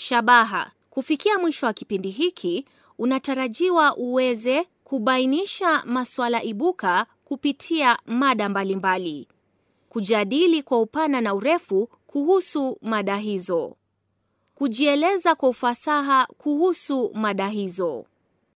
Shabaha: kufikia mwisho wa kipindi hiki unatarajiwa uweze kubainisha masuala ibuka kupitia mada mbalimbali mbali. Kujadili kwa upana na urefu kuhusu mada hizo. Kujieleza kwa ufasaha kuhusu mada hizo.